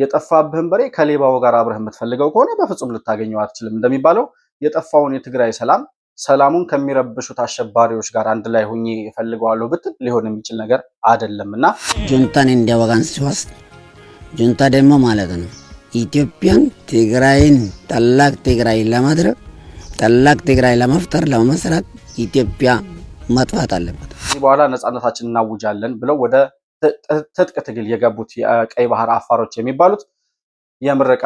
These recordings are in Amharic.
የጠፋብህን በሬ ከሌባው ጋር አብረህ የምትፈልገው ከሆነ በፍጹም ልታገኘው አትችልም። እንደሚባለው የጠፋውን የትግራይ ሰላም ሰላሙን ከሚረብሹት አሸባሪዎች ጋር አንድ ላይ ሁኜ እፈልገዋለሁ ብትል ሊሆን የሚችል ነገር አይደለም እና ጁንታን እንዲያወጋን ሲወስድ ጁንታ ደግሞ ማለት ነው ኢትዮጵያን ትግራይን ታላቅ ትግራይ ለማድረግ ታላቅ ትግራይ ለመፍጠር ለመመስረት ኢትዮጵያ መጥፋት አለበት። በኋላ ነፃነታችን እናውጃለን ብለው ወደ ትጥቅ ትግል የገቡት የቀይ ባህር አፋሮች የሚባሉት የምረቃ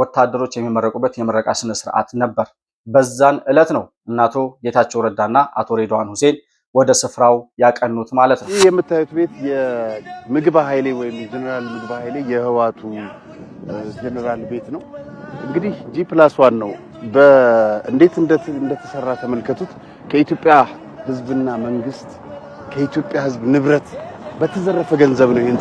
ወታደሮች የሚመረቁበት የምረቃ ስነ ስርዓት ነበር። በዛን ዕለት ነው እነ አቶ ጌታቸው ረዳና አቶ ሬድዋን ሁሴን ወደ ስፍራው ያቀኑት ማለት ነው። ይህ የምታዩት ቤት የምግብ ኃይሌ ወይም ጀነራል ምግብ ኃይሌ የህዋቱ ጀነራል ቤት ነው። እንግዲህ ጂ ፕላስ ዋን ነው። እንዴት እንደተሰራ ተመልከቱት። ከኢትዮጵያ ህዝብና መንግስት ከኢትዮጵያ ህዝብ ንብረት በተዘረፈ ገንዘብ ነው ይህን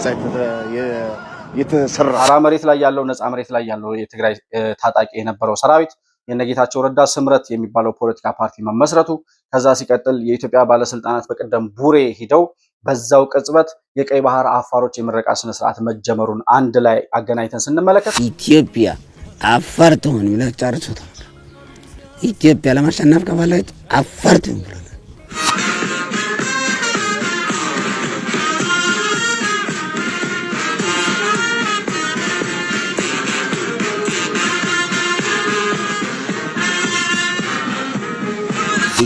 የተሰራ። ራ መሬት ላይ ያለው ነፃ መሬት ላይ ያለው የትግራይ ታጣቂ የነበረው ሰራዊት የነጌታቸው ረዳ ስምረት የሚባለው ፖለቲካ ፓርቲ መመስረቱ፣ ከዛ ሲቀጥል የኢትዮጵያ ባለስልጣናት በቀደም ቡሬ ሂደው በዛው ቅጽበት የቀይ ባህር አፋሮች የምረቃ ስነስርዓት መጀመሩን አንድ ላይ አገናኝተን ስንመለከት ኢትዮጵያ አፋር ትሆን ብለ ጨርሶታል። ኢትዮጵያ ለማሸነፍ ከፈለች አፋር ትሆን ብለ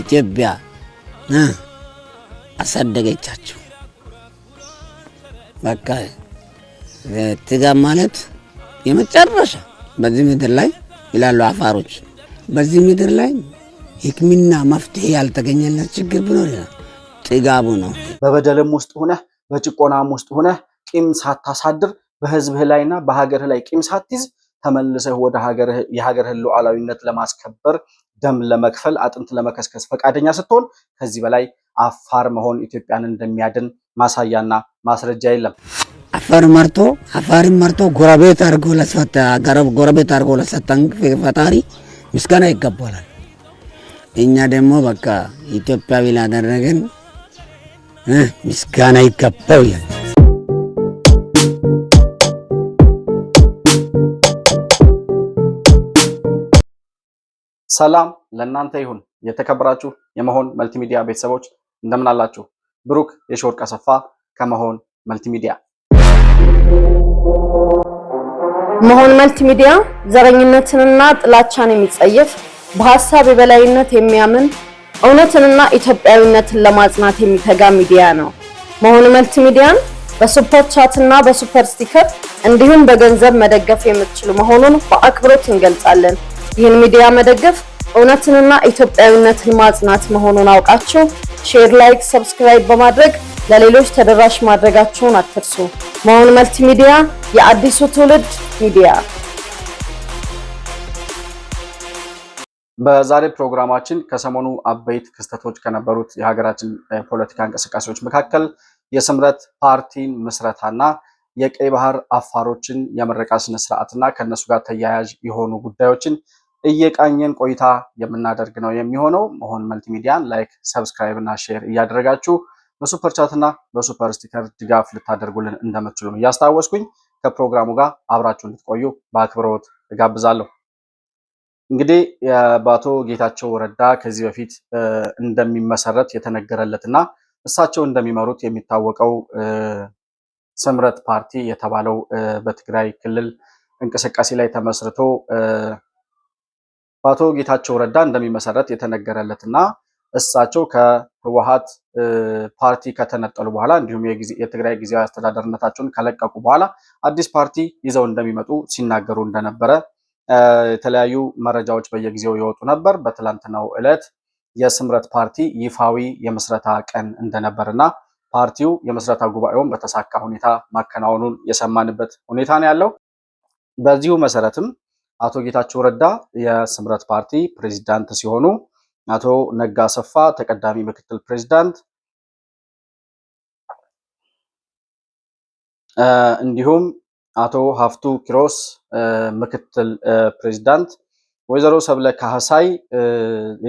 ኢትዮጵያ አሳደገቻቸው። በቃ ጥጋብ ማለት የመጨረሻ በዚህ ምድር ላይ ይላሉ አፋሮች፣ በዚህ ምድር ላይ ሕክምና መፍትሄ ያልተገኘለት ችግር ብኖር ጥጋቡ ነው። በበደልም ውስጥ ሆነ በጭቆናም ውስጥ ሆነ ቂም ሳታሳድር በህዝብህ ላይና በሀገርህ ላይ ቂም ሳትይዝ ተመልሰህ ወደ የሀገርህን ሉዓላዊነት ለማስከበር ደም ለመክፈል አጥንት ለመከስከስ ፈቃደኛ ስትሆን ከዚህ በላይ አፋር መሆን ኢትዮጵያን እንደሚያድን ማሳያና ማስረጃ የለም። አፋር መርቶ አፋርን መርቶ ጎረቤት አድርጎ ለሰጠ ጎረቤት አድርጎ ለሰጠን ፈጣሪ ምስጋና ይገባላል። እኛ ደግሞ በቃ ኢትዮጵያ ቢላደረግን ምስጋና ይገባው ሰላም ለእናንተ ይሁን። የተከበራችሁ የመሆን መልቲሚዲያ ቤተሰቦች እንደምን አላችሁ? ብሩክ የሾርቅ አሰፋ ከመሆን መልቲሚዲያ። መሆን መልቲሚዲያ ዘረኝነትንና ጥላቻን የሚጸየፍ በሀሳብ የበላይነት የሚያምን እውነትንና ኢትዮጵያዊነትን ለማጽናት የሚተጋ ሚዲያ ነው። መሆን መልቲሚዲያን በሱፐር ቻት እና በሱፐር ስቲከር እንዲሁም በገንዘብ መደገፍ የምትችሉ መሆኑን በአክብሮት እንገልጻለን። ይህን ሚዲያ መደገፍ እውነትንና ኢትዮጵያዊነትን ማጽናት መሆኑን አውቃችሁ ሼር፣ ላይክ፣ ሰብስክራይብ በማድረግ ለሌሎች ተደራሽ ማድረጋችሁን አትርሱ። መሆን መልቲሚዲያ ሚዲያ የአዲሱ ትውልድ ሚዲያ። በዛሬ ፕሮግራማችን ከሰሞኑ አበይት ክስተቶች ከነበሩት የሀገራችን ፖለቲካ እንቅስቃሴዎች መካከል የስምረት ፓርቲን ምስረታና የቀይ ባህር አፋሮችን የምረቃ ስነስርዓትና ከእነሱ ጋር ተያያዥ የሆኑ ጉዳዮችን እየቃኘን ቆይታ የምናደርግ ነው የሚሆነው። መሆን መልቲሚዲያን ላይክ፣ ሰብስክራይብ እና ሼር እያደረጋችሁ በሱፐር ቻት እና በሱፐር ስቲከር ድጋፍ ልታደርጉልን እንደምትችሉ ነው እያስታወስኩኝ ከፕሮግራሙ ጋር አብራችሁ እንድትቆዩ በአክብሮት እጋብዛለሁ። እንግዲህ በአቶ ጌታቸው ረዳ ከዚህ በፊት እንደሚመሰረት እና እሳቸው እንደሚመሩት የሚታወቀው ስምረት ፓርቲ የተባለው በትግራይ ክልል እንቅስቃሴ ላይ ተመስርቶ በአቶ ጌታቸው ረዳ እንደሚመሰረት የተነገረለትና እሳቸው ከህወሀት ፓርቲ ከተነጠሉ በኋላ እንዲሁም የትግራይ ጊዜያዊ አስተዳደርነታቸውን ከለቀቁ በኋላ አዲስ ፓርቲ ይዘው እንደሚመጡ ሲናገሩ እንደነበረ የተለያዩ መረጃዎች በየጊዜው ይወጡ ነበር። በትላንትናው ዕለት የስምረት ፓርቲ ይፋዊ የምስረታ ቀን እንደነበርና ፓርቲው የምስረታ ጉባኤውን በተሳካ ሁኔታ ማከናወኑን የሰማንበት ሁኔታ ነው ያለው። በዚሁ መሰረትም አቶ ጌታቸው ረዳ የስምረት ፓርቲ ፕሬዚዳንት ሲሆኑ አቶ ነጋ ሰፋ ተቀዳሚ ምክትል ፕሬዚዳንት እንዲሁም አቶ ሀፍቱ ኪሮስ ምክትል ፕሬዚዳንት፣ ወይዘሮ ሰብለ ካህሳይ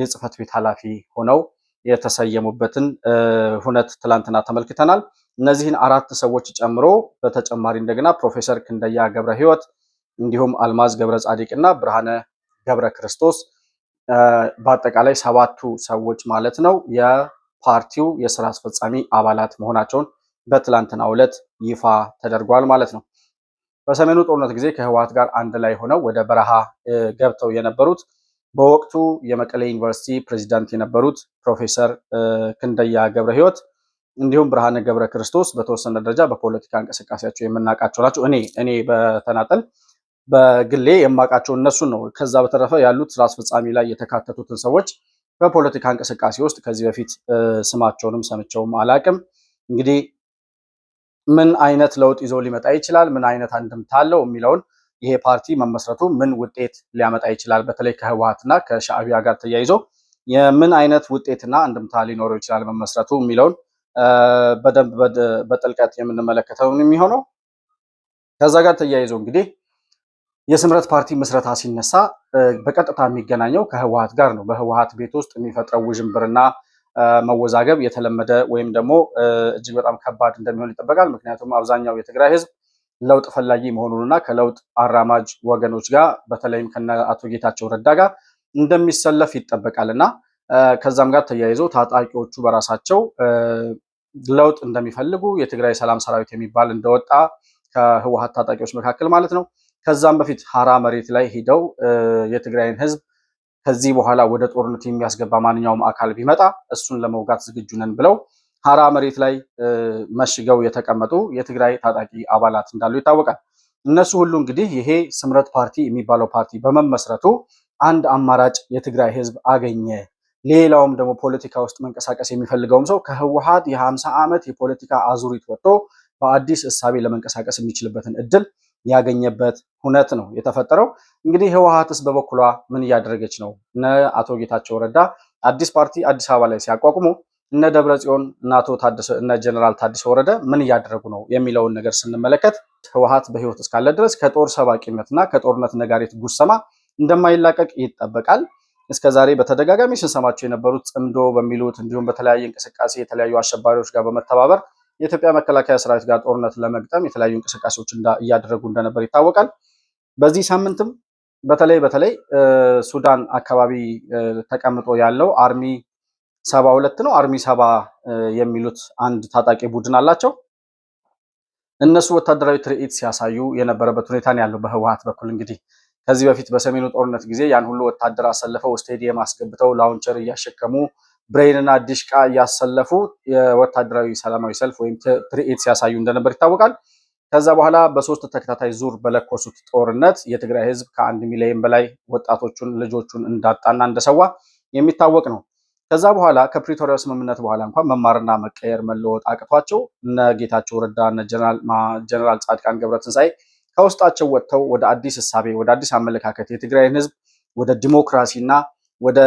የጽህፈት ቤት ኃላፊ ሆነው የተሰየሙበትን ሁነት ትላንትና ተመልክተናል። እነዚህን አራት ሰዎች ጨምሮ በተጨማሪ እንደገና ፕሮፌሰር ክንደያ ገብረ ህይወት እንዲሁም አልማዝ ገብረ ጻዲቅ እና ብርሃነ ገብረ ክርስቶስ በአጠቃላይ ሰባቱ ሰዎች ማለት ነው የፓርቲው የስራ አስፈጻሚ አባላት መሆናቸውን በትላንትናው ዕለት ይፋ ተደርጓል ማለት ነው። በሰሜኑ ጦርነት ጊዜ ከህወሓት ጋር አንድ ላይ ሆነው ወደ በረሃ ገብተው የነበሩት በወቅቱ የመቀሌ ዩኒቨርሲቲ ፕሬዚዳንት የነበሩት ፕሮፌሰር ክንደያ ገብረ ህይወት እንዲሁም ብርሃነ ገብረ ክርስቶስ በተወሰነ ደረጃ በፖለቲካ እንቅስቃሴያቸው የምናውቃቸው ናቸው። እኔ እኔ በተናጠል በግሌ የማውቃቸው እነሱን ነው። ከዛ በተረፈ ያሉት ስራ አስፈጻሚ ላይ የተካተቱትን ሰዎች በፖለቲካ እንቅስቃሴ ውስጥ ከዚህ በፊት ስማቸውንም ሰምቸውም አላቅም። እንግዲህ ምን አይነት ለውጥ ይዞ ሊመጣ ይችላል፣ ምን አይነት አንድምታ አለው የሚለውን ይሄ ፓርቲ መመስረቱ ምን ውጤት ሊያመጣ ይችላል፣ በተለይ ከህወሀትና ከሻዕቢያ ጋር ተያይዞ የምን አይነት ውጤትና አንድምታ ሊኖረው ይችላል መመስረቱ የሚለውን በደንብ በጥልቀት የምንመለከተው የሚሆነው ከዛ ጋር ተያይዞ እንግዲህ የስምረት ፓርቲ ምስረታ ሲነሳ በቀጥታ የሚገናኘው ከህወሀት ጋር ነው። በህወሀት ቤት ውስጥ የሚፈጥረው ውዥንብርና መወዛገብ የተለመደ ወይም ደግሞ እጅግ በጣም ከባድ እንደሚሆን ይጠበቃል። ምክንያቱም አብዛኛው የትግራይ ህዝብ ለውጥ ፈላጊ መሆኑንና ከለውጥ አራማጅ ወገኖች ጋር በተለይም ከነ አቶ ጌታቸው ረዳ ጋር እንደሚሰለፍ ይጠበቃል እና ከዛም ጋር ተያይዞ ታጣቂዎቹ በራሳቸው ለውጥ እንደሚፈልጉ የትግራይ ሰላም ሰራዊት የሚባል እንደወጣ ከህወሀት ታጣቂዎች መካከል ማለት ነው ከዛም በፊት ሀራ መሬት ላይ ሂደው የትግራይን ህዝብ ከዚህ በኋላ ወደ ጦርነት የሚያስገባ ማንኛውም አካል ቢመጣ እሱን ለመውጋት ዝግጁ ነን ብለው ሀራ መሬት ላይ መሽገው የተቀመጡ የትግራይ ታጣቂ አባላት እንዳሉ ይታወቃል። እነሱ ሁሉ እንግዲህ ይሄ ስምረት ፓርቲ የሚባለው ፓርቲ በመመስረቱ አንድ አማራጭ የትግራይ ህዝብ አገኘ። ሌላውም ደግሞ ፖለቲካ ውስጥ መንቀሳቀስ የሚፈልገውም ሰው ከህወሀት የ50 ዓመት የፖለቲካ አዙሪት ወጥቶ በአዲስ እሳቤ ለመንቀሳቀስ የሚችልበትን እድል ያገኘበት ሁነት ነው የተፈጠረው። እንግዲህ ህወሀትስ በበኩሏ ምን እያደረገች ነው? እነ አቶ ጌታቸው ረዳ አዲስ ፓርቲ አዲስ አበባ ላይ ሲያቋቁሙ እነ ደብረ ጽዮን እና አቶ ታደሰ እነ ጀነራል ታደሰ ወረደ ምን እያደረጉ ነው የሚለውን ነገር ስንመለከት ህወሀት በህይወት እስካለ ድረስ ከጦር ሰባቂነትና ከጦርነት ነጋሪት ጉሰማ እንደማይላቀቅ ይጠበቃል። እስከ ዛሬ በተደጋጋሚ ስንሰማቸው የነበሩት ጽምዶ በሚሉት እንዲሁም በተለያየ እንቅስቃሴ የተለያዩ አሸባሪዎች ጋር በመተባበር የኢትዮጵያ መከላከያ ሰራዊት ጋር ጦርነት ለመግጠም የተለያዩ እንቅስቃሴዎች እያደረጉ እንደነበር ይታወቃል። በዚህ ሳምንትም በተለይ በተለይ ሱዳን አካባቢ ተቀምጦ ያለው አርሚ ሰባ ሁለት ነው አርሚ ሰባ የሚሉት አንድ ታጣቂ ቡድን አላቸው። እነሱ ወታደራዊ ትርኢት ሲያሳዩ የነበረበት ሁኔታ ነው ያለው በህወሀት በኩል እንግዲህ ከዚህ በፊት በሰሜኑ ጦርነት ጊዜ ያን ሁሉ ወታደር አሰልፈው ስቴዲየም አስገብተው ላውንቸር እያሸከሙ ብሬንና ዲሽቃ እያሰለፉ የወታደራዊ ሰላማዊ ሰልፍ ወይም ትርኢት ሲያሳዩ እንደነበር ይታወቃል። ከዛ በኋላ በሶስት ተከታታይ ዙር በለኮሱት ጦርነት የትግራይ ህዝብ ከአንድ ሚሊዮን በላይ ወጣቶቹን ልጆቹን እንዳጣና እንደሰዋ የሚታወቅ ነው። ከዛ በኋላ ከፕሪቶሪያ ስምምነት በኋላ እንኳን መማርና መቀየር መለወጥ አቅቷቸው እነ ጌታቸው ረዳ እነ ጀነራል ጻድቃን ገብረትንሳኤ ከውስጣቸው ወጥተው ወደ አዲስ እሳቤ ወደ አዲስ አመለካከት የትግራይን ህዝብ ወደ ዲሞክራሲና ወደ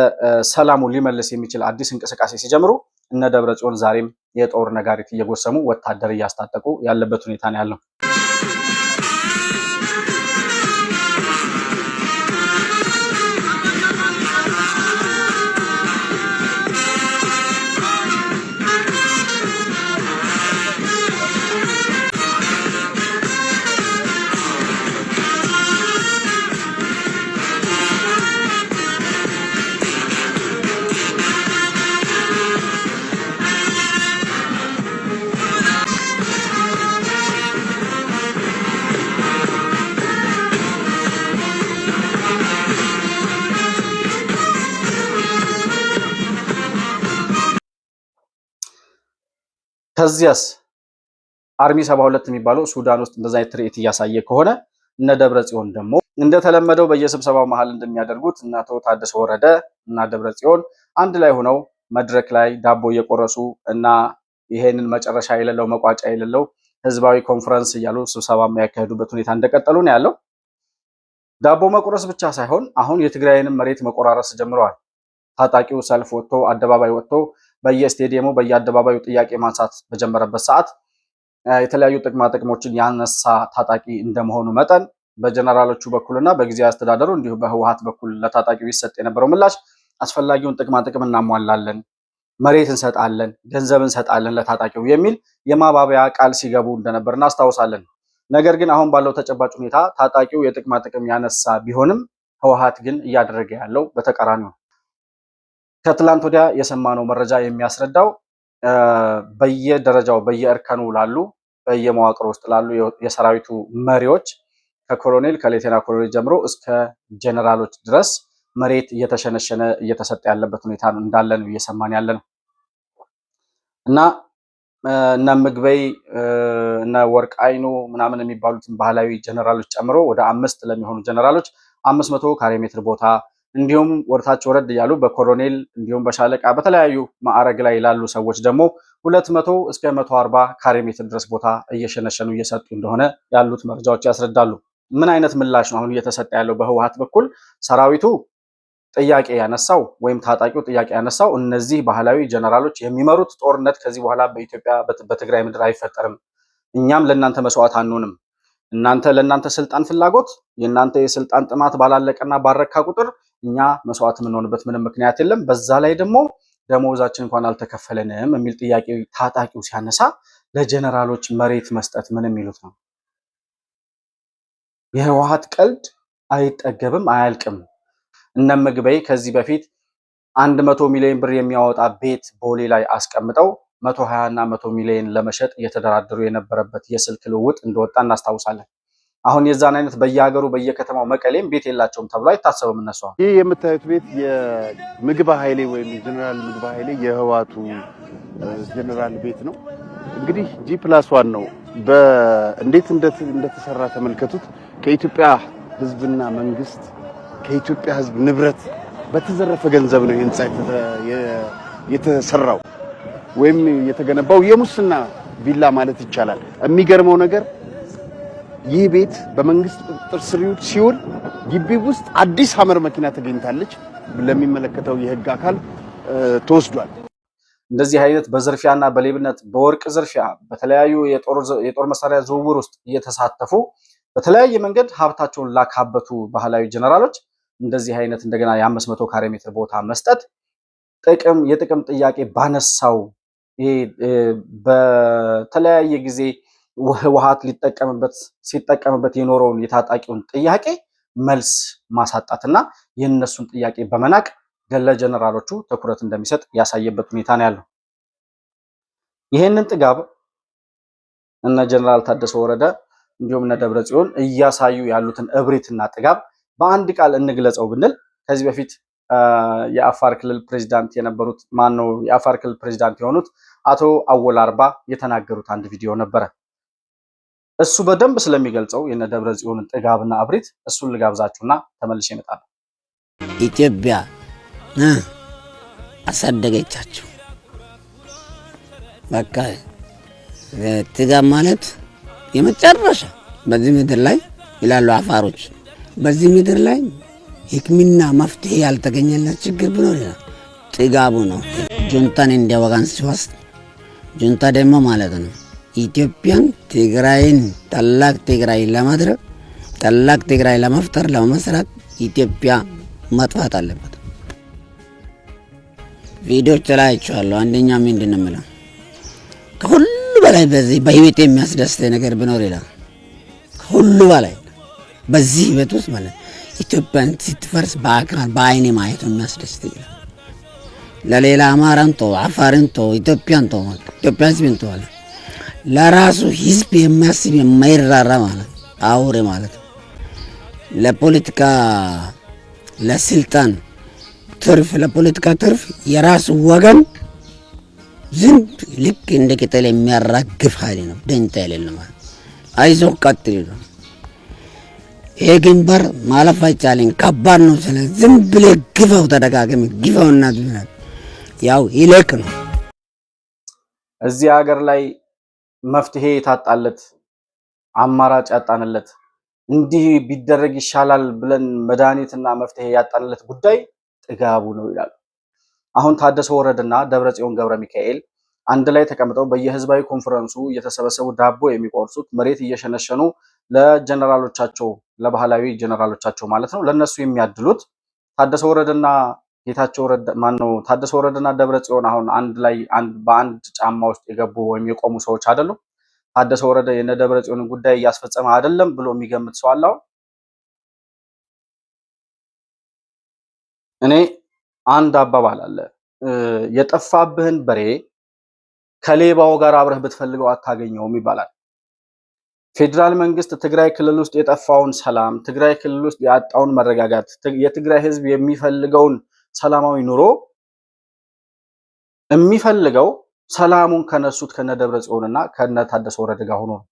ሰላሙ ሊመልስ የሚችል አዲስ እንቅስቃሴ ሲጀምሩ እነ ደብረ ጽዮን ዛሬም የጦር ነጋሪት እየጎሰሙ ወታደር እያስታጠቁ ያለበት ሁኔታ ነው ያለው። ከዚያስ አርሚ 72 የሚባለው ሱዳን ውስጥ እንደዛ አይነት ትርኢት እያሳየ ከሆነ እነ ደብረ ጽዮን ደግሞ እንደተለመደው በየስብሰባው መሀል እንደሚያደርጉት እና አቶ ታደሰ ወረደ እና ደብረ ጽዮን አንድ ላይ ሆነው መድረክ ላይ ዳቦ እየቆረሱ እና ይሄንን መጨረሻ የሌለው መቋጫ የሌለው ህዝባዊ ኮንፈረንስ እያሉ ስብሰባ የሚያካሄዱበት ሁኔታ እንደቀጠሉ ነው ያለው። ዳቦ መቆረስ ብቻ ሳይሆን አሁን የትግራይንም መሬት መቆራረስ ጀምረዋል። ታጣቂው ሰልፍ ወጥቶ አደባባይ ወጥቶ በየስቴዲየሙ በየአደባባዩ ጥያቄ ማንሳት በጀመረበት ሰዓት የተለያዩ ጥቅማ ጥቅሞችን ያነሳ ታጣቂ እንደመሆኑ መጠን በጀነራሎቹ በኩልና በጊዜያዊ አስተዳደሩ እንዲሁም በህወሀት በኩል ለታጣቂው ይሰጥ የነበረው ምላሽ አስፈላጊውን ጥቅማ ጥቅም እናሟላለን፣ መሬት እንሰጣለን፣ ገንዘብ እንሰጣለን ለታጣቂው የሚል የማባበያ ቃል ሲገቡ እንደነበር እናስታውሳለን። ነገር ግን አሁን ባለው ተጨባጭ ሁኔታ ታጣቂው የጥቅማ ጥቅም ያነሳ ቢሆንም ህወሀት ግን እያደረገ ያለው በተቃራኒው ነው። ከትላንት ወዲያ የሰማነው መረጃ የሚያስረዳው በየደረጃው በየእርከኑ ላሉ በየመዋቅር ውስጥ ላሉ የሰራዊቱ መሪዎች ከኮሎኔል ከሌቴና ኮሎኔል ጀምሮ እስከ ጀነራሎች ድረስ መሬት እየተሸነሸነ እየተሰጠ ያለበት ሁኔታ እንዳለ ነው እየሰማን ያለ ነው እና እነ ምግበይ እነ ወርቅ አይኑ ምናምን የሚባሉትን ባህላዊ ጀነራሎች ጨምሮ ወደ አምስት ለሚሆኑ ጀነራሎች አምስት መቶ ካሬ ሜትር ቦታ እንዲሁም ወርታች ወረድ እያሉ በኮሎኔል እንዲሁም በሻለቃ በተለያዩ ማዕረግ ላይ ላሉ ሰዎች ደግሞ ሁለት መቶ እስከ መቶ አርባ ካሬ ሜትር ድረስ ቦታ እየሸነሸኑ እየሰጡ እንደሆነ ያሉት መረጃዎች ያስረዳሉ። ምን አይነት ምላሽ ነው አሁን እየተሰጠ ያለው? በህወሀት በኩል ሰራዊቱ ጥያቄ ያነሳው ወይም ታጣቂው ጥያቄ ያነሳው እነዚህ ባህላዊ ጀነራሎች የሚመሩት ጦርነት ከዚህ በኋላ በኢትዮጵያ በትግራይ ምድር አይፈጠርም፣ እኛም ለእናንተ መስዋዕት አንሆንም፣ እናንተ ለእናንተ ስልጣን ፍላጎት የእናንተ የስልጣን ጥማት ባላለቀና ባረካ ቁጥር እኛ መስዋዕት የምንሆንበት ምንም ምክንያት የለም። በዛ ላይ ደግሞ ደሞዛችን እንኳን አልተከፈለንም የሚል ጥያቄ ታጣቂው ሲያነሳ ለጀነራሎች መሬት መስጠት ምን የሚሉት ነው? የህወሀት ቀልድ አይጠገብም፣ አያልቅም። እነ ምግበይ ከዚህ በፊት አንድ መቶ ሚሊዮን ብር የሚያወጣ ቤት ቦሌ ላይ አስቀምጠው መቶ ሀያ እና መቶ ሚሊዮን ለመሸጥ እየተደራደሩ የነበረበት የስልክ ልውውጥ እንደወጣ እናስታውሳለን። አሁን የዛን አይነት በየሀገሩ በየከተማው መቀሌም ቤት የላቸውም ተብሎ አይታሰብም። እነሱ ይህ የምታዩት ቤት የምግብ ኃይሌ ወይም የጀኔራል ምግብ ኃይሌ የህዋቱ ጀኔራል ቤት ነው። እንግዲህ ጂ ፕላስ ዋን ነው። እንዴት እንደተሰራ ተመልከቱት። ከኢትዮጵያ ህዝብና መንግስት ከኢትዮጵያ ህዝብ ንብረት በተዘረፈ ገንዘብ ነው ይህን የተሰራው ወይም የተገነባው የሙስና ቪላ ማለት ይቻላል። የሚገርመው ነገር ይህ ቤት በመንግስት ቁጥጥር ስር ሲውል ግቢ ውስጥ አዲስ ሀመር መኪና ተገኝታለች። ለሚመለከተው የህግ አካል ተወስዷል። እንደዚህ አይነት በዝርፊያና በሌብነት በወርቅ ዝርፊያ፣ በተለያዩ የጦር መሳሪያ ዝውውር ውስጥ እየተሳተፉ በተለያየ መንገድ ሀብታቸውን ላካበቱ ባህላዊ ጀነራሎች እንደዚህ አይነት እንደገና የአምስት መቶ ካሬ ሜትር ቦታ መስጠት ጥቅም የጥቅም ጥያቄ ባነሳው በተለያየ ጊዜ ህወሓት ሊጠቀምበት ሲጠቀምበት የኖረውን የታጣቂውን ጥያቄ መልስ ማሳጣትና የእነሱን ጥያቄ በመናቅ ገለ ጀነራሎቹ ትኩረት እንደሚሰጥ ያሳየበት ሁኔታ ነው ያለው። ይህንን ጥጋብ እነ ጀነራል ታደሰ ወረደ እንዲሁም እነ ደብረ ጽዮን እያሳዩ ያሉትን እብሪትና ጥጋብ በአንድ ቃል እንግለጸው ብንል ከዚህ በፊት የአፋር ክልል ፕሬዚዳንት የነበሩት ማን ነው? የአፋር ክልል ፕሬዚዳንት የሆኑት አቶ አወል አርባ የተናገሩት አንድ ቪዲዮ ነበረ። እሱ በደንብ ስለሚገልጸው የነ ደብረ ጽዮንን ጥጋብና አብሪት እሱን ልጋብዛችሁና ተመልሼ እመጣለሁ። ኢትዮጵያ አሳደገቻችሁ። በቃ ጥጋብ ማለት የመጨረሻ በዚህ ምድር ላይ ይላሉ አፋሮች፣ በዚህ ምድር ላይ ሕክምና መፍትሄ ያልተገኘለት ችግር ቢኖር ጥጋቡ ነው። ጁንታን እንዲያወጋን ሲወስድ ጁንታ ደግሞ ማለት ነው ኢትዮጵያን ትግራይን ታላቅ ትግራይ ለማድረግ ታላቅ ትግራይ ለመፍጠር ለመመስረት ኢትዮጵያ መጥፋት አለበት። ቪዲዮች ላይ አይቼዋለሁ። አንደኛ ምንድን ነው የምለው ከሁሉ በላይ በዚህ በህይወት የሚያስደስት ነገር ብኖር ይላል ከሁሉ በላይ በዚህ ህይወት ውስጥ ማለት ኢትዮጵያን ስትፈርስ በአካል በአይኔ ማየቱ የሚያስደስት ይላል። ለሌላ አማራን ቶ አፋርን ቶ ኢትዮጵያን ቶ ኢትዮጵያ ህዝብን ቶ አለ ለራሱ ህዝብ የሚያስብ የማይራራ ማለት አውሬ ማለት ነው። ለፖለቲካ ለስልጣን ትርፍ ለፖለቲካ ትርፍ የራሱ ወገን ዝንብ ልክ እንደ ቅጠል የሚያራግፍ ኃይል ነው። ደንታ የሌለ ማለት አይዞ ቀጥል ነው። ይሄ ግንባር ማለፍ አይቻልን ከባድ ነው። ስለ ዝም ብለ ግፈው ተደጋገሚ ግፈውና ያው ይለቅ ነው እዚህ ሀገር ላይ መፍትሄ የታጣለት አማራጭ ያጣንለት እንዲህ ቢደረግ ይሻላል ብለን መድኃኒትና መፍትሄ ያጣንለት ጉዳይ ጥጋቡ ነው ይላሉ። አሁን ታደሰ ወረደና ደብረጽዮን ገብረ ሚካኤል አንድ ላይ ተቀምጠው በየህዝባዊ ኮንፈረንሱ እየተሰበሰቡ ዳቦ የሚቆርሱት መሬት እየሸነሸኑ ለጀነራሎቻቸው ለባህላዊ ጀነራሎቻቸው ማለት ነው ለነሱ የሚያድሉት ታደሰ ወረደና ጌታቸው ረዳ ማነው ታደሰ ወረደና ደብረ ጽዮን አሁን አንድ ላይ በአንድ ጫማ ውስጥ የገቡ ወይም የቆሙ ሰዎች አይደሉም። ታደሰ ወረደ የነ ደብረ ጽዮን ጉዳይ እያስፈጸመ አይደለም ብሎ የሚገምት ሰው አለ። አሁን እኔ አንድ አባባል አለ፣ የጠፋብህን በሬ ከሌባው ጋር አብረህ ብትፈልገው አታገኘውም ይባላል። ፌዴራል መንግስት ትግራይ ክልል ውስጥ የጠፋውን ሰላም፣ ትግራይ ክልል ውስጥ ያጣውን መረጋጋት፣ የትግራይ ህዝብ የሚፈልገውን ሰላማዊ ኑሮ የሚፈልገው ሰላሙን ከነሱት ከነ ደብረ ጽዮንና ከነ ታደሰ ወረደ ጋር ሆኖ ነው።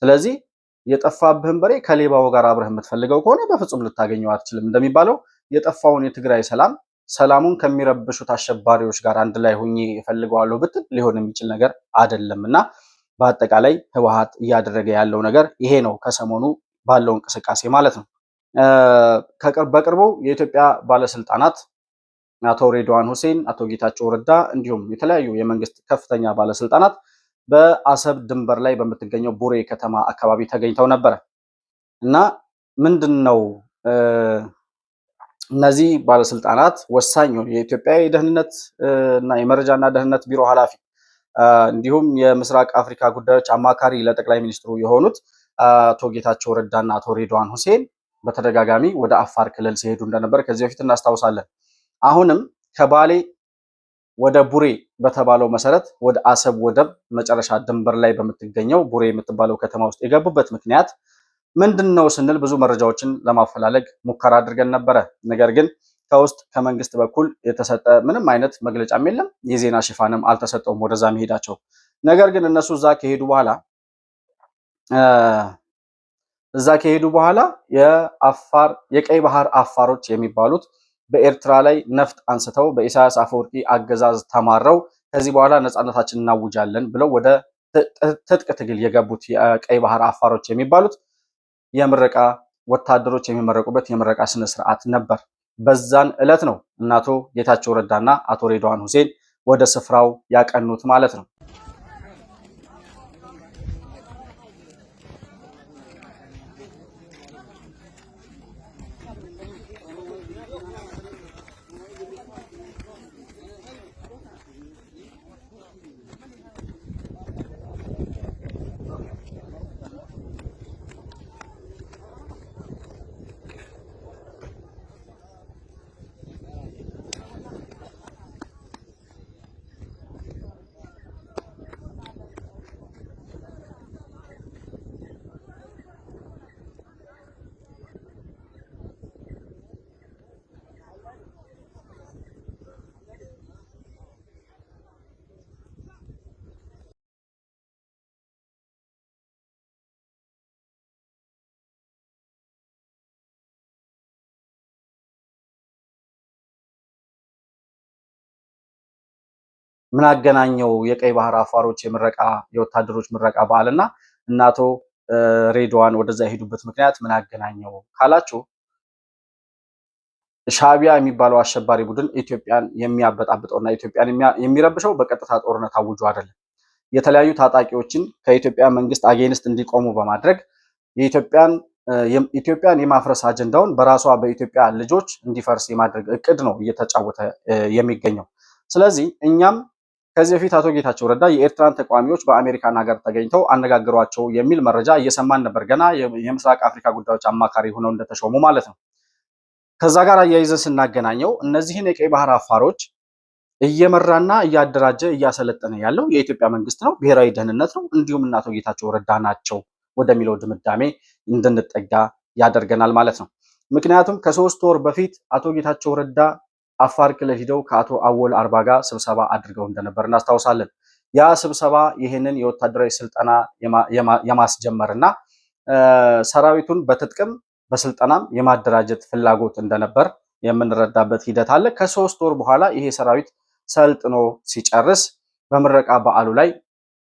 ስለዚህ የጠፋብህን በሬ ከሌባው ጋር አብረህ የምትፈልገው ከሆነ በፍጹም ልታገኘው አትችልም። እንደሚባለው የጠፋውን የትግራይ ሰላም ሰላሙን ከሚረብሹት አሸባሪዎች ጋር አንድ ላይ ሆኜ እፈልገዋለሁ ብትል ሊሆን የሚችል ነገር አይደለም እና በአጠቃላይ ህወሓት እያደረገ ያለው ነገር ይሄ ነው። ከሰሞኑ ባለው እንቅስቃሴ ማለት ነው። በቅርቡ የኢትዮጵያ ባለስልጣናት አቶ ሬድዋን ሁሴን፣ አቶ ጌታቸው ረዳ እንዲሁም የተለያዩ የመንግስት ከፍተኛ ባለስልጣናት በአሰብ ድንበር ላይ በምትገኘው ቡሬ ከተማ አካባቢ ተገኝተው ነበረ እና ምንድን ነው እነዚህ ባለስልጣናት ወሳኝ የኢትዮጵያ የደህንነት እና የመረጃና ደህንነት ቢሮ ኃላፊ እንዲሁም የምስራቅ አፍሪካ ጉዳዮች አማካሪ ለጠቅላይ ሚኒስትሩ የሆኑት አቶ ጌታቸው ረዳና አቶ ሬድዋን ሁሴን በተደጋጋሚ ወደ አፋር ክልል ሲሄዱ እንደነበር ከዚህ በፊት እናስታውሳለን። አሁንም ከባሌ ወደ ቡሬ በተባለው መሰረት ወደ አሰብ ወደብ መጨረሻ ድንበር ላይ በምትገኘው ቡሬ የምትባለው ከተማ ውስጥ የገቡበት ምክንያት ምንድን ነው ስንል ብዙ መረጃዎችን ለማፈላለግ ሙከራ አድርገን ነበረ። ነገር ግን ከውስጥ ከመንግስት በኩል የተሰጠ ምንም አይነት መግለጫም የለም፣ የዜና ሽፋንም አልተሰጠውም ወደዛ መሄዳቸው። ነገር ግን እነሱ እዛ ከሄዱ በኋላ እዛ ከሄዱ በኋላ የአፋር የቀይ ባህር አፋሮች የሚባሉት በኤርትራ ላይ ነፍጥ አንስተው በኢሳያስ አፈወርቂ አገዛዝ ተማረው ከዚህ በኋላ ነፃነታችን እናውጃለን ብለው ወደ ትጥቅ ትግል የገቡት የቀይ ባህር አፋሮች የሚባሉት የምረቃ ወታደሮች የሚመረቁበት የምረቃ ስነ ስርዓት ነበር። በዛን ዕለት ነው እና አቶ ጌታቸው ረዳና አቶ ሬድዋን ሁሴን ወደ ስፍራው ያቀኑት ማለት ነው። ምን አገናኘው የቀይ ባህር አፋሮች የምረቃ የወታደሮች ምረቃ በዓልና እና አቶ ሬድዋን ወደዛ የሄዱበት ምክንያት ምን አገናኘው ካላችሁ ሻቢያ የሚባለው አሸባሪ ቡድን ኢትዮጵያን የሚያበጣብጠው እና ኢትዮጵያን የሚረብሸው በቀጥታ ጦርነት አውጆ አይደለም። የተለያዩ ታጣቂዎችን ከኢትዮጵያ መንግስት አጌንስት እንዲቆሙ በማድረግ ኢትዮጵያን የማፍረስ አጀንዳውን በራሷ በኢትዮጵያ ልጆች እንዲፈርስ የማድረግ እቅድ ነው እየተጫወተ የሚገኘው። ስለዚህ እኛም ከዚህ በፊት አቶ ጌታቸው ረዳ የኤርትራን ተቃዋሚዎች በአሜሪካን ሀገር ተገኝተው አነጋግሯቸው የሚል መረጃ እየሰማን ነበር። ገና የምስራቅ አፍሪካ ጉዳዮች አማካሪ ሆነው እንደተሾሙ ማለት ነው። ከዛ ጋር አያይዘን ስናገናኘው እነዚህን የቀይ ባህር አፋሮች እየመራና እያደራጀ እያሰለጠነ ያለው የኢትዮጵያ መንግስት ነው፣ ብሔራዊ ደህንነት ነው፣ እንዲሁም እና አቶ ጌታቸው ረዳ ናቸው ወደሚለው ድምዳሜ እንድንጠጋ ያደርገናል ማለት ነው። ምክንያቱም ከሶስት ወር በፊት አቶ ጌታቸው ረዳ አፋር ክልል ሂደው ከአቶ አወል አርባ ጋር ስብሰባ አድርገው እንደነበር እናስታውሳለን። ያ ስብሰባ ይህንን የወታደራዊ ስልጠና የማስጀመር እና ሰራዊቱን በትጥቅም በስልጠናም የማደራጀት ፍላጎት እንደነበር የምንረዳበት ሂደት አለ። ከሶስት ወር በኋላ ይሄ ሰራዊት ሰልጥኖ ሲጨርስ በምረቃ በዓሉ ላይ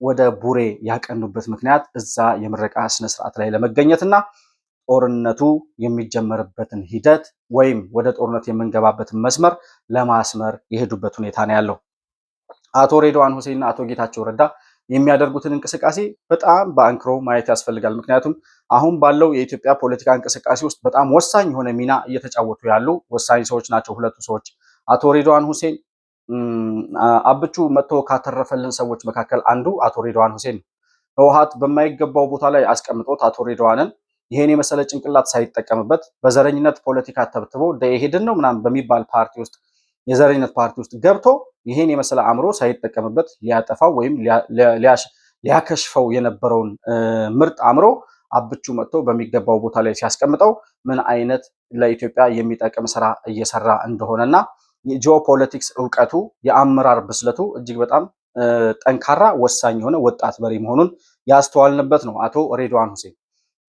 ወደ ቡሬ ያቀኑበት ምክንያት እዛ የምረቃ ስነስርዓት ላይ ለመገኘትና ጦርነቱ የሚጀመርበትን ሂደት ወይም ወደ ጦርነት የምንገባበትን መስመር ለማስመር የሄዱበት ሁኔታ ነው ያለው። አቶ ሬድዋን ሁሴንና አቶ ጌታቸው ረዳ የሚያደርጉትን እንቅስቃሴ በጣም በአንክሮ ማየት ያስፈልጋል። ምክንያቱም አሁን ባለው የኢትዮጵያ ፖለቲካ እንቅስቃሴ ውስጥ በጣም ወሳኝ የሆነ ሚና እየተጫወቱ ያሉ ወሳኝ ሰዎች ናቸው ሁለቱ ሰዎች። አቶ ሬድዋን ሁሴን አብቹ መጥቶ ካተረፈልን ሰዎች መካከል አንዱ አቶ ሬድዋን ሁሴን ነው። ህወሓት በማይገባው ቦታ ላይ አስቀምጦት አቶ ሬድዋንን ይሄን የመሰለ ጭንቅላት ሳይጠቀምበት በዘረኝነት ፖለቲካ ተብትቦ ደኢህዴን ነው ምናምን በሚባል ፓርቲ ውስጥ የዘረኝነት ፓርቲ ውስጥ ገብቶ ይሄን የመሰለ አእምሮ ሳይጠቀምበት ሊያጠፋው ወይም ሊያከሽፈው የነበረውን ምርጥ አእምሮ አብቹ መጥቶ በሚገባው ቦታ ላይ ሲያስቀምጠው ምን አይነት ለኢትዮጵያ የሚጠቅም ስራ እየሰራ እንደሆነና የጂኦፖለቲክስ እውቀቱ የአመራር ብስለቱ እጅግ በጣም ጠንካራ ወሳኝ የሆነ ወጣት መሪ መሆኑን ያስተዋልንበት ነው አቶ ሬድዋን ሁሴን።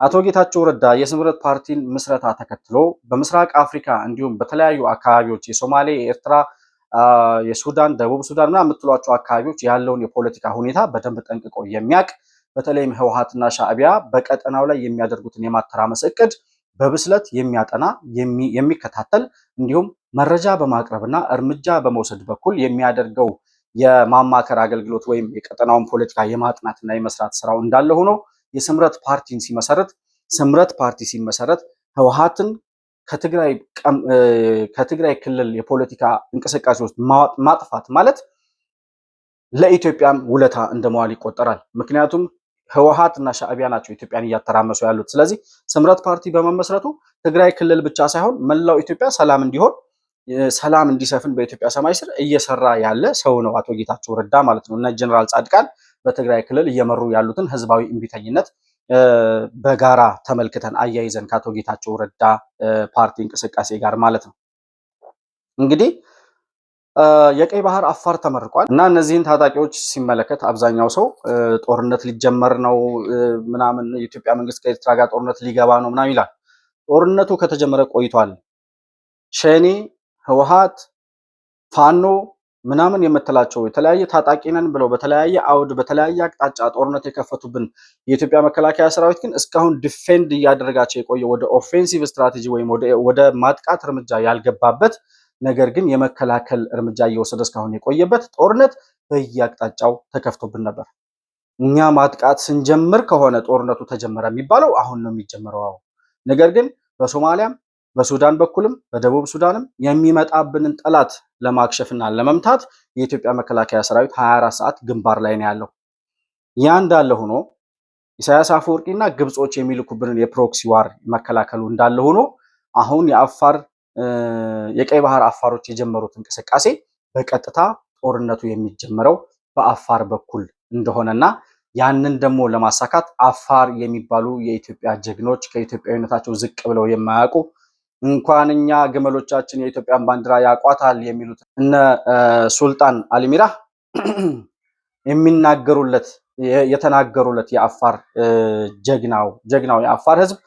አቶ ጌታቸው ረዳ የስምረት ፓርቲን ምስረታ ተከትሎ በምስራቅ አፍሪካ እንዲሁም በተለያዩ አካባቢዎች የሶማሌ፣ የኤርትራ፣ የሱዳን፣ ደቡብ ሱዳን ምናምን የምትሏቸው አካባቢዎች ያለውን የፖለቲካ ሁኔታ በደንብ ጠንቅቆ የሚያውቅ በተለይም ህወሓትና ሻዕቢያ በቀጠናው ላይ የሚያደርጉትን የማተራመስ እቅድ በብስለት የሚያጠና የሚከታተል እንዲሁም መረጃ በማቅረብና እርምጃ በመውሰድ በኩል የሚያደርገው የማማከር አገልግሎት ወይም የቀጠናውን ፖለቲካ የማጥናትና የመስራት ስራው እንዳለ ሆኖ የስምረት ፓርቲን ሲመሰረት ስምረት ፓርቲ ሲመሰረት ህወሀትን ከትግራይ ክልል የፖለቲካ እንቅስቃሴ ውስጥ ማጥፋት ማለት ለኢትዮጵያም ውለታ እንደመዋል ይቆጠራል። ምክንያቱም ህወሀት እና ሻዕቢያ ናቸው ኢትዮጵያን እያተራመሱ ያሉት። ስለዚህ ስምረት ፓርቲ በመመስረቱ ትግራይ ክልል ብቻ ሳይሆን መላው ኢትዮጵያ ሰላም እንዲሆን ሰላም እንዲሰፍን በኢትዮጵያ ሰማይ ስር እየሰራ ያለ ሰው ነው አቶ ጌታቸው ረዳ ማለት ነው። እና ጀኔራል ጻድቃን በትግራይ ክልል እየመሩ ያሉትን ህዝባዊ እምቢተኝነት በጋራ ተመልክተን አያይዘን ከአቶ ጌታቸው ረዳ ፓርቲ እንቅስቃሴ ጋር ማለት ነው። እንግዲህ የቀይ ባህር አፋር ተመርቋል እና እነዚህን ታጣቂዎች ሲመለከት አብዛኛው ሰው ጦርነት ሊጀመር ነው ምናምን፣ የኢትዮጵያ መንግስት ከኤርትራ ጋር ጦርነት ሊገባ ነው ምናምን ይላል። ጦርነቱ ከተጀመረ ቆይቷል። ሸኔ ህወሓት፣ ፋኖ ምናምን የምትላቸው የተለያየ ታጣቂ ነን ብለው በተለያየ አውድ በተለያየ አቅጣጫ ጦርነት የከፈቱብን የኢትዮጵያ መከላከያ ሰራዊት ግን እስካሁን ዲፌንድ እያደረጋቸው የቆየ ወደ ኦፌንሲቭ ስትራቴጂ ወይም ወደ ማጥቃት እርምጃ ያልገባበት ነገር ግን የመከላከል እርምጃ እየወሰደ እስካሁን የቆየበት ጦርነት በየአቅጣጫው ተከፍቶብን ነበር። እኛ ማጥቃት ስንጀምር ከሆነ ጦርነቱ ተጀመረ የሚባለው አሁን ነው የሚጀምረው። ነገር ግን በሶማሊያም በሱዳን በኩልም በደቡብ ሱዳንም የሚመጣብንን ጠላት ለማክሸፍና ለመምታት የኢትዮጵያ መከላከያ ሰራዊት 24 ሰዓት ግንባር ላይ ነው ያለው። ያ እንዳለ ሆኖ ኢሳያስ አፈወርቂና ግብጾች የሚልኩብንን የፕሮክሲ ዋር መከላከሉ እንዳለ ሆኖ አሁን የአፋር የቀይ ባህር አፋሮች የጀመሩት እንቅስቃሴ በቀጥታ ጦርነቱ የሚጀመረው በአፋር በኩል እንደሆነና ያንን ደግሞ ለማሳካት አፋር የሚባሉ የኢትዮጵያ ጀግኖች ከኢትዮጵያዊነታቸው ዝቅ ብለው የማያውቁ እንኳን እኛ ግመሎቻችን የኢትዮጵያን ባንዲራ ያቋታል የሚሉት እነ ሱልጣን አልሚራ የሚናገሩለት የተናገሩለት የአፋር ጀግናው ጀግናው የአፋር ህዝብ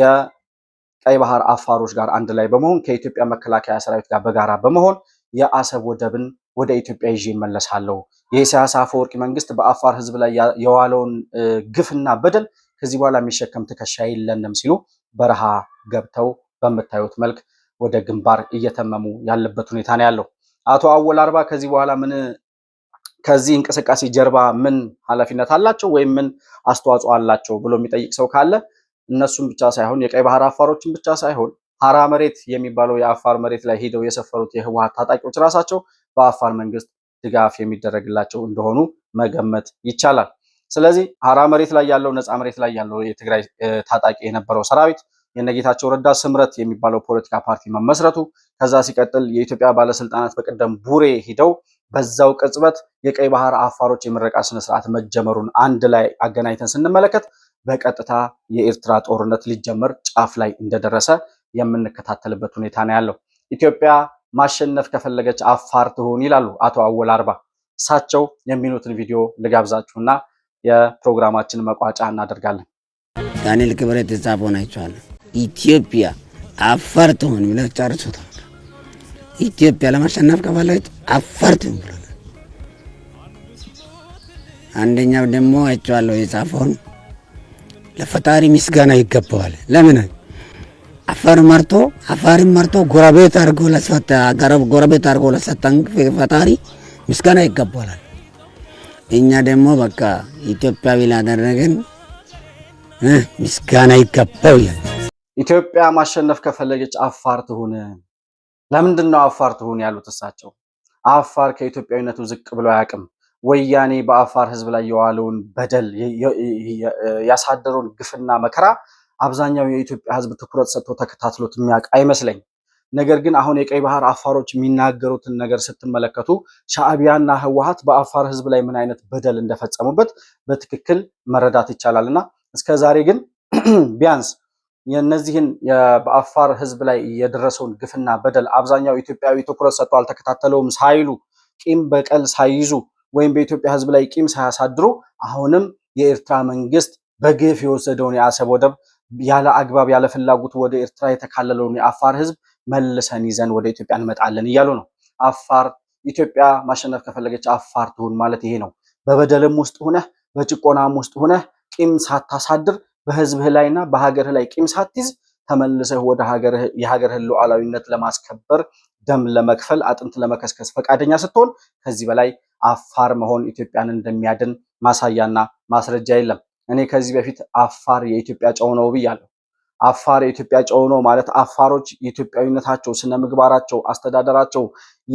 የቀይ ባህር አፋሮች ጋር አንድ ላይ በመሆን ከኢትዮጵያ መከላከያ ሰራዊት ጋር በጋራ በመሆን የአሰብ ወደብን ወደ ኢትዮጵያ ይዤ ይመለሳለው የኢሳያስ አፈወርቂ መንግስት በአፋር ህዝብ ላይ የዋለውን ግፍና በደል ከዚህ በኋላ የሚሸከም ትከሻ የለንም ሲሉ በረሃ ገብተው በምታዩት መልክ ወደ ግንባር እየተመሙ ያለበት ሁኔታ ነው ያለው። አቶ አወል አርባ ከዚህ በኋላ ምን ከዚህ እንቅስቃሴ ጀርባ ምን ኃላፊነት አላቸው ወይም ምን አስተዋጽኦ አላቸው ብሎ የሚጠይቅ ሰው ካለ እነሱም ብቻ ሳይሆን የቀይ ባህር አፋሮችን ብቻ ሳይሆን ሀራ መሬት የሚባለው የአፋር መሬት ላይ ሂደው የሰፈሩት የህወሀት ታጣቂዎች ራሳቸው በአፋር መንግስት ድጋፍ የሚደረግላቸው እንደሆኑ መገመት ይቻላል። ስለዚህ ሀራ መሬት ላይ ያለው ነፃ መሬት ላይ ያለው የትግራይ ታጣቂ የነበረው ሰራዊት የነጌታቸው ረዳ ስምረት የሚባለው ፖለቲካ ፓርቲ መመስረቱ፣ ከዛ ሲቀጥል የኢትዮጵያ ባለስልጣናት በቀደም ቡሬ ሂደው በዛው ቅጽበት የቀይ ባህር አፋሮች የምረቃ ስነስርዓት መጀመሩን አንድ ላይ አገናኝተን ስንመለከት በቀጥታ የኤርትራ ጦርነት ሊጀመር ጫፍ ላይ እንደደረሰ የምንከታተልበት ሁኔታ ነው ያለው። ኢትዮጵያ ማሸነፍ ከፈለገች አፋር ትሆን ይላሉ አቶ አወል አርባ። እሳቸው የሚሉትን ቪዲዮ ልጋብዛችሁና የፕሮግራማችን መቋጫ እናደርጋለን። ዳንኤል ክብረት የተጻፈውን አይቼዋለሁ። ኢትዮጵያ አፋር ትሆን ብለ ጨርሶታል። ኢትዮጵያ ለማሸነፍ ከፈለች አፋር ትሆን ብለ አንደኛው ደግሞ አይቼዋለሁ የጻፈውን ለፈጣሪ ምስጋና ይገባዋል። ለምን አፋር መርቶ አፋርን መርቶ ጎረቤት አድርጎ ለሰጠ አገረብ ጎረቤት አድርጎ ለሰጠን ፈጣሪ ምስጋና ይገባዋል። እኛ ደግሞ በቃ ኢትዮጵያዊ ላደረገን ምስጋና ይገባው ኢትዮጵያ ማሸነፍ ከፈለገች አፋር ትሁን። ለምንድን ነው አፋር ትሁን ያሉት እሳቸው? አፋር ከኢትዮጵያዊነቱ ዝቅ ብሎ አያውቅም። ወያኔ በአፋር ሕዝብ ላይ የዋለውን በደል ያሳደረውን ግፍና መከራ አብዛኛው የኢትዮጵያ ሕዝብ ትኩረት ሰጥቶ ተከታትሎት የሚያውቅ አይመስለኝ። ነገር ግን አሁን የቀይ ባህር አፋሮች የሚናገሩትን ነገር ስትመለከቱ ሻዕቢያና ህወሓት በአፋር ሕዝብ ላይ ምን አይነት በደል እንደፈጸሙበት በትክክል መረዳት ይቻላል እና እስከዛሬ ግን ቢያንስ የነዚህን በአፋር ህዝብ ላይ የደረሰውን ግፍና በደል አብዛኛው ኢትዮጵያዊ ትኩረት ሰጥቶ አልተከታተለውም ሳይሉ ቂም በቀል ሳይይዙ ወይም በኢትዮጵያ ህዝብ ላይ ቂም ሳያሳድሩ አሁንም የኤርትራ መንግስት በግፍ የወሰደውን የአሰብ ወደብ ያለ አግባብ ያለ ፍላጎት ወደ ኤርትራ የተካለለውን የአፋር ህዝብ መልሰን ይዘን ወደ ኢትዮጵያ እንመጣለን እያሉ ነው። አፋር ኢትዮጵያ ማሸነፍ ከፈለገች አፋር ትሁን ማለት ይሄ ነው። በበደልም ውስጥ ሆነህ በጭቆናም ውስጥ ሆነህ ቂም ሳታሳድር በህዝብህ ላይና በሀገርህ ላይ ቂም ሳትይዝ ተመልሰህ ወደ የሀገርህ ሉዓላዊነት ለማስከበር ደም ለመክፈል አጥንት ለመከስከስ ፈቃደኛ ስትሆን ከዚህ በላይ አፋር መሆን ኢትዮጵያን እንደሚያድን ማሳያና ማስረጃ የለም። እኔ ከዚህ በፊት አፋር የኢትዮጵያ ጨው ነው ብያለሁ። አፋር የኢትዮጵያ ጨው ነው ማለት አፋሮች የኢትዮጵያዊነታቸው፣ ስነ ምግባራቸው፣ አስተዳደራቸው፣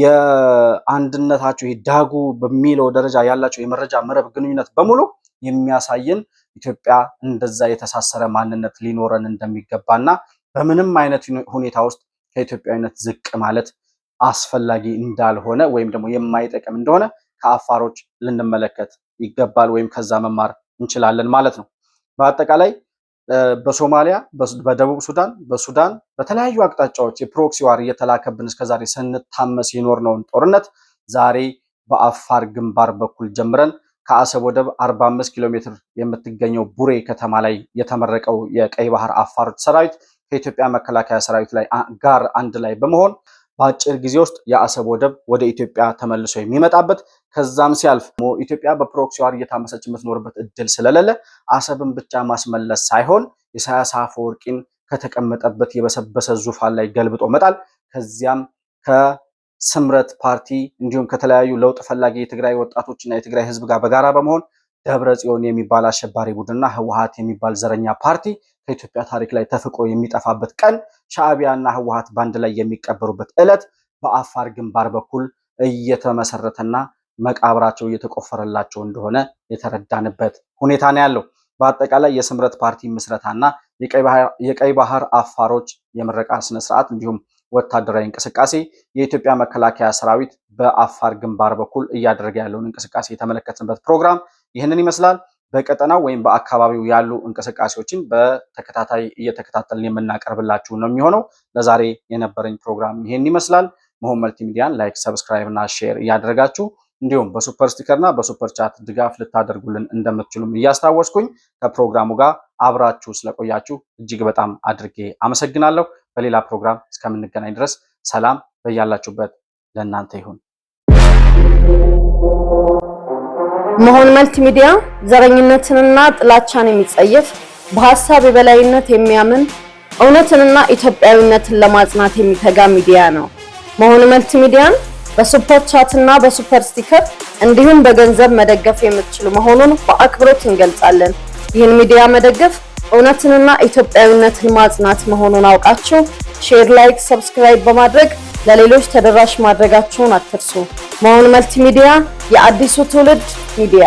የአንድነታቸው ዳጉ በሚለው ደረጃ ያላቸው የመረጃ መረብ ግንኙነት በሙሉ የሚያሳየን ኢትዮጵያ እንደዛ የተሳሰረ ማንነት ሊኖረን እንደሚገባና በምንም አይነት ሁኔታ ውስጥ ከኢትዮጵያዊነት ዝቅ ማለት አስፈላጊ እንዳልሆነ ወይም ደግሞ የማይጠቅም እንደሆነ ከአፋሮች ልንመለከት ይገባል ወይም ከዛ መማር እንችላለን ማለት ነው። በአጠቃላይ በሶማሊያ፣ በደቡብ ሱዳን፣ በሱዳን በተለያዩ አቅጣጫዎች የፕሮክሲ ዋር እየተላከብን እስከዛሬ ስንታመስ የኖርነውን ጦርነት ዛሬ በአፋር ግንባር በኩል ጀምረን ከአሰብ ወደብ 45 ኪሎ ሜትር የምትገኘው ቡሬ ከተማ ላይ የተመረቀው የቀይ ባህር አፋሮች ሰራዊት ከኢትዮጵያ መከላከያ ሰራዊት ላይ ጋር አንድ ላይ በመሆን በአጭር ጊዜ ውስጥ የአሰብ ወደብ ወደ ኢትዮጵያ ተመልሶ የሚመጣበት ከዛም ሲያልፍ ኢትዮጵያ በፕሮክሲ ዋር እየታመሰች የምትኖርበት እድል ስለሌለ አሰብን ብቻ ማስመለስ ሳይሆን ኢሳያስ አፈወርቂን ከተቀመጠበት የበሰበሰ ዙፋን ላይ ገልብጦ መጣል ከዚያም ስምረት ፓርቲ እንዲሁም ከተለያዩ ለውጥ ፈላጊ የትግራይ ወጣቶችና የትግራይ ህዝብ ጋር በጋራ በመሆን ደብረ ጽዮን የሚባል አሸባሪ ቡድንና ህወሀት የሚባል ዘረኛ ፓርቲ ከኢትዮጵያ ታሪክ ላይ ተፍቆ የሚጠፋበት ቀን፣ ሻዕቢያና ህወሀት በአንድ ላይ የሚቀበሩበት ዕለት በአፋር ግንባር በኩል እየተመሰረተና መቃብራቸው እየተቆፈረላቸው እንደሆነ የተረዳንበት ሁኔታ ነው ያለው። በአጠቃላይ የስምረት ፓርቲ ምስረታና የቀይ ባህር አፋሮች የምረቃ ስነስርዓት እንዲሁም ወታደራዊ እንቅስቃሴ የኢትዮጵያ መከላከያ ሰራዊት በአፋር ግንባር በኩል እያደረገ ያለውን እንቅስቃሴ የተመለከትንበት ፕሮግራም ይህንን ይመስላል። በቀጠናው ወይም በአካባቢው ያሉ እንቅስቃሴዎችን በተከታታይ እየተከታተልን የምናቀርብላችሁ ነው የሚሆነው። ለዛሬ የነበረኝ ፕሮግራም ይሄን ይመስላል። መሆን መልቲሚዲያን ላይክ፣ ሰብስክራይብ እና ሼር እያደረጋችሁ እንዲሁም በሱፐር ስቲከር እና በሱፐር ቻት ድጋፍ ልታደርጉልን እንደምትችሉም እያስታወስኩኝ ከፕሮግራሙ ጋር አብራችሁ ስለቆያችሁ እጅግ በጣም አድርጌ አመሰግናለሁ። በሌላ ፕሮግራም እስከምንገናኝ ድረስ ሰላም በያላችሁበት ለእናንተ ይሁን። መሆን መልት ሚዲያ ዘረኝነትንና ጥላቻን የሚጸየፍ በሀሳብ የበላይነት የሚያምን እውነትንና ኢትዮጵያዊነትን ለማጽናት የሚተጋ ሚዲያ ነው። መሆን መልት ሚዲያን በሱፐር ቻት እና በሱፐር ስቲከር እንዲሁም በገንዘብ መደገፍ የምትችሉ መሆኑን በአክብሮት እንገልጻለን። ይህን ሚዲያ መደገፍ እውነትንና ኢትዮጵያዊነትን ማጽናት መሆኑን አውቃችሁ ሼር፣ ላይክ፣ ሰብስክራይብ በማድረግ ለሌሎች ተደራሽ ማድረጋችሁን አትርሱ። መሆን መልቲሚዲያ የአዲሱ ትውልድ ሚዲያ